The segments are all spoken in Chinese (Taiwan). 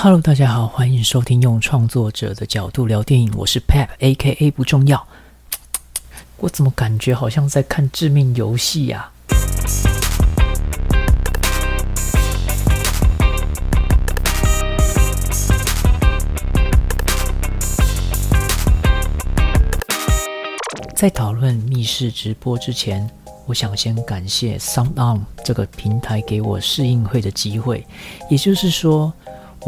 Hello，大家好，歡迎收聽用創作者的角度聊電影，我是 Pep，A.K.A 不重要。我怎麼感覺好像在看《致命遊戲》呀？在討論《密弒直播》之前，我想先感謝 Sound On 這個平台給我試映會的機會，也就是說。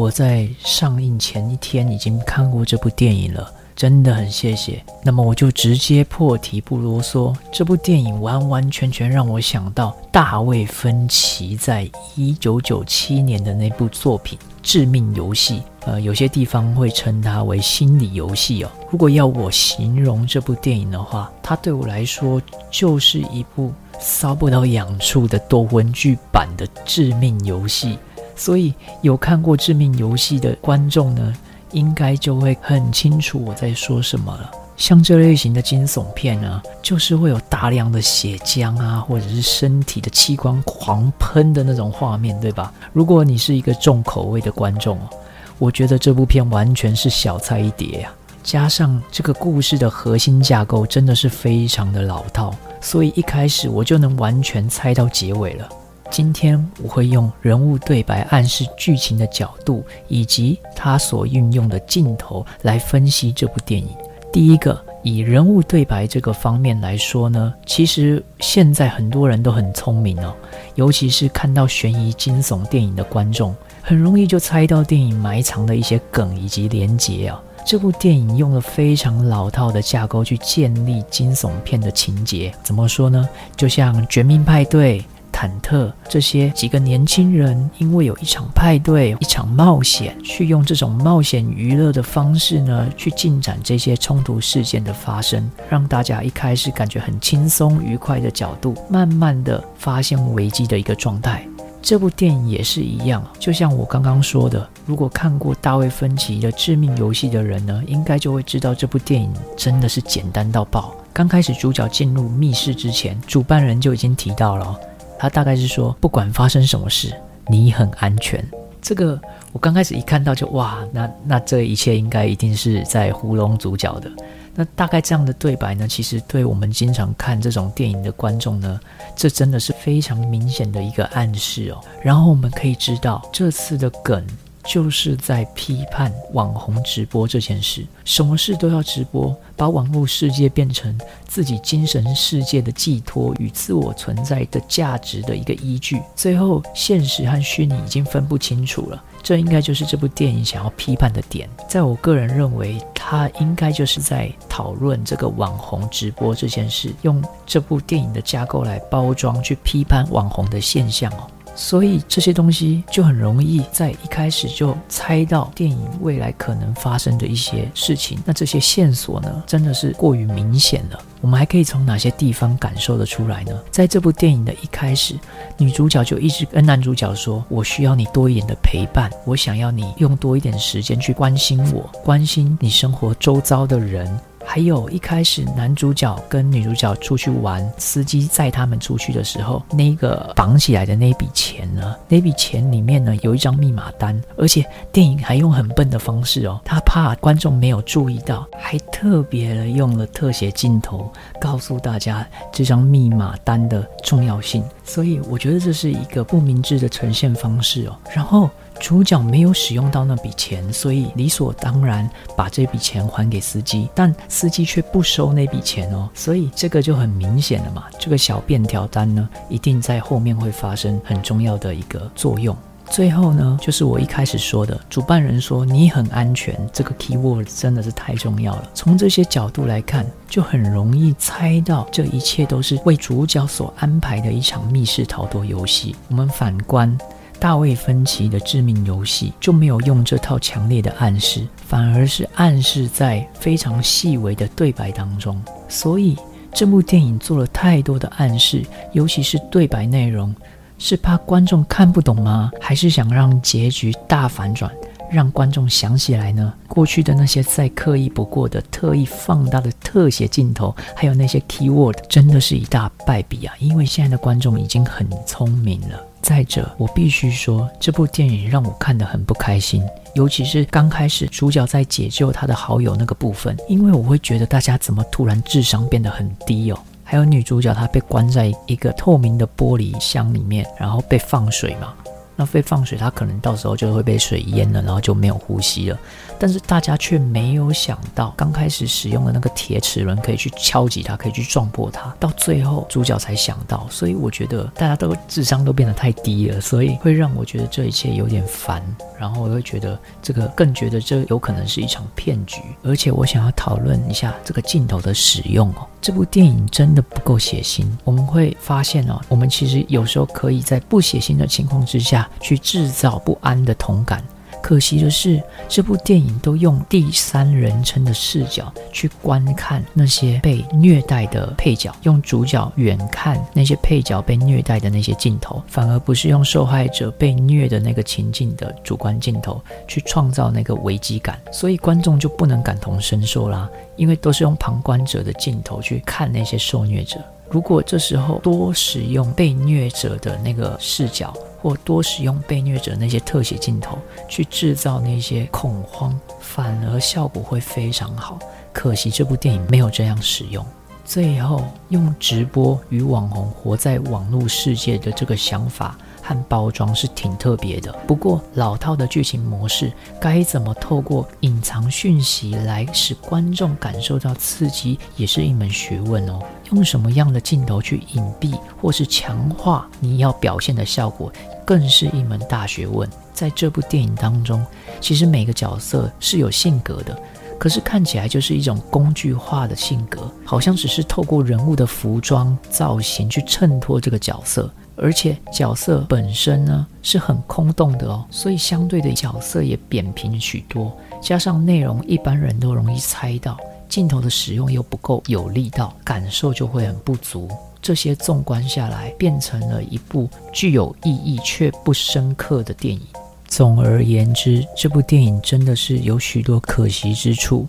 我在上映前一天已經看過這部電影了，真的很謝謝。那麼我就直接破題不囉嗦，這部電影完完全全讓我想到大衛·芬奇在1997年的那部作品《致命遊戲》，呃，有些地方會稱它為心理遊戲哦。如果要我形容這部電影的話，它對我來說就是一部搔不到癢處的多魂劇版的《致命遊戲》。所以有看過《致命遊戲》的觀眾呢，應該就會很清楚我在說什麼了。像這類型的驚悚片呢、啊，就是會有大量的血漿啊，或者是身體的器官狂噴的那種畫面，對吧？如果你是一個重口味的觀眾哦，我覺得這部片完全是小菜一碟呀、啊。加上這個故事的核心架構真的是非常的老套，所以一開始我就能完全猜到結尾了。今天我會用人物對白暗示劇情的角度，以及他所運用的鏡頭來分析這部電影。第一個，以人物對白這個方面來說呢，其實現在很多人都很聰明哦，尤其是看到懸疑驚悚電影的觀眾，很容易就猜到電影埋藏的一些梗以及連結啊、哦。這部電影用了非常老套的架構去建立驚悚片的情節，怎麼說呢？就像《絕命派對》。忐忑，這些幾個年輕人因為有一場派對，一場冒險，去用這種冒險娛樂的方式呢，去進展這些衝突事件的發生，讓大家一開始感覺很輕鬆愉快的角度，慢慢的發現危機的一個狀態。這部電影也是一樣，就像我剛剛說的，如果看過大衛芬奇的《致命遊戲》的人呢，應該就會知道這部電影真的是簡單到爆。剛開始主角進入密室之前，主辦人就已經提到了。他大概是說，不管發生什麼事，你很安全。這個我剛開始一看到就哇，那那這一切應該一定是在唬弄主角的。那大概這樣的對白呢，其實對我們經常看這種電影的觀眾呢，這真的是非常明顯的一個暗示哦。然後我們可以知道這次的梗，就是在批判網紅直播這件事，什麼事都要直播，把網絡世界變成自己精神世界的寄托與自我存在的價值的一個依據。最後，現實和虛擬已經分不清楚了，這應該就是這部電影想要批判的點。在我個人認為，他應該就是在討論這個網紅直播這件事，用這部電影的架構來包裝，去批判網紅的現象哦。所以這些東西就很容易在一開始就猜到電影未來可能發生的一些事情。那這些線索呢，真的是過於明顯了。我們還可以從哪些地方感受得出來呢？在這部電影的一開始，女主角就一直跟男主角說：“我需要你多一點的陪伴，我想要你用多一點時間去關心我，關心你生活周遭的人。”還有一開始男主角跟女主角出去玩，司機載他們出去的時候，那個綁起來的那筆錢呢？那筆錢裡面呢，有一張密碼單，而且電影還用很笨的方式哦，他怕觀眾沒有注意到，還特別的用了特寫鏡頭告訴大家這張密碼單的重要性。所以我覺得這是一個不明智的呈現方式哦。然後。主角沒有使用到那筆錢，所以理所當然把這筆錢還給司機，但司機卻不收那筆錢哦，所以這個就很明顯了嘛。這個小便條單呢，一定在後面會發生很重要的一個作用。最後呢，就是我一開始說的，主辦人說你很安全，這個 keyword 真的是太重要了。從這些角度來看，就很容易猜到這一切都是為主角所安排的一場密室逃脫遊戲。我們反觀，大衛芬奇的《致命遊戲》就沒有用這套強烈的暗示，反而是暗示在非常細微的對白當中。所以，這部電影做了太多的暗示，尤其是對白內容，是怕觀眾看不懂嗎？還是想讓結局大反轉，讓觀眾想起來呢？過去的那些再刻意不過的、特意放大的特寫鏡頭，還有那些 keyword，真的是一大敗筆啊！因為現在的觀眾已經很聰明了。再者，我必須說，這部電影讓我看得很不開心，尤其是剛開始主角在解救他的好友那個部分，因為我會覺得大家怎麼突然智商變得很低哦？還有女主角她被關在一個透明的玻璃箱裡面，然後被放水嘛？那被放水，它可能到時候就會被水淹了，然後就沒有呼吸了。但是大家卻沒有想到，剛開始使用的那個鐵齒輪可以去敲擊它，可以去撞破它。到最後，主角才想到。所以我覺得大家都智商都變得太低了，所以會讓我覺得這一切有點煩。然後我會覺得這個更覺得這有可能是一場騙局。而且我想要討論一下這個鏡頭的使用哦。這部電影真的不夠血腥。我們會發現哦，我們其實有時候可以在不血腥的情況之下。去製造不安的同感。可惜的是，這部電影都用第三人稱的視角去觀看那些被虐待的配角，用主角遠看那些配角被虐待的那些鏡頭，反而不是用受害者被虐的那個情境的主觀鏡頭去創造那個危機感，所以觀眾就不能感同身受啦，因為都是用旁觀者的鏡頭去看那些受虐者。如果這時候多使用被虐者的那個視角，或多使用被虐者那些特寫鏡頭去製造那些恐慌，反而效果會非常好。可惜這部電影沒有這樣使用。最後用直播與網紅活在網絡世界的這個想法。看包裝是挺特別的，不過老套的劇情模式，該怎麼透過隱藏訊息來使觀眾感受到刺激，也是一門學問哦。用什麼樣的鏡頭去隱蔽或是強化你要表現的效果，更是一門大學問。在這部電影當中，其實每個角色是有性格的。可是看起來就是一種工具化的性格，好像只是透過人物的服裝造型去襯托這個角色，而且角色本身呢是很空洞的哦，所以相對的角色也扁平許多。加上內容一般人都容易猜到，鏡頭的使用又不夠有力道，感受就會很不足。這些縱觀下來，變成了一部具有意義卻不深刻的電影。總而言之，這部電影真的是有許多可惜之處。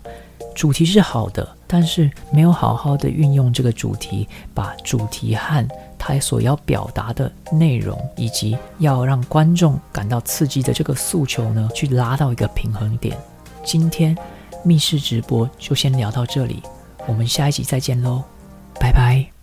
主題是好的，但是沒有好好的運用這個主題，把主題和它所要表達的內容，以及要讓觀眾感到刺激的這個訴求呢，去拉到一個平衡點。今天密弒直播就先聊到這裡，我們下一集再見嘍，拜拜。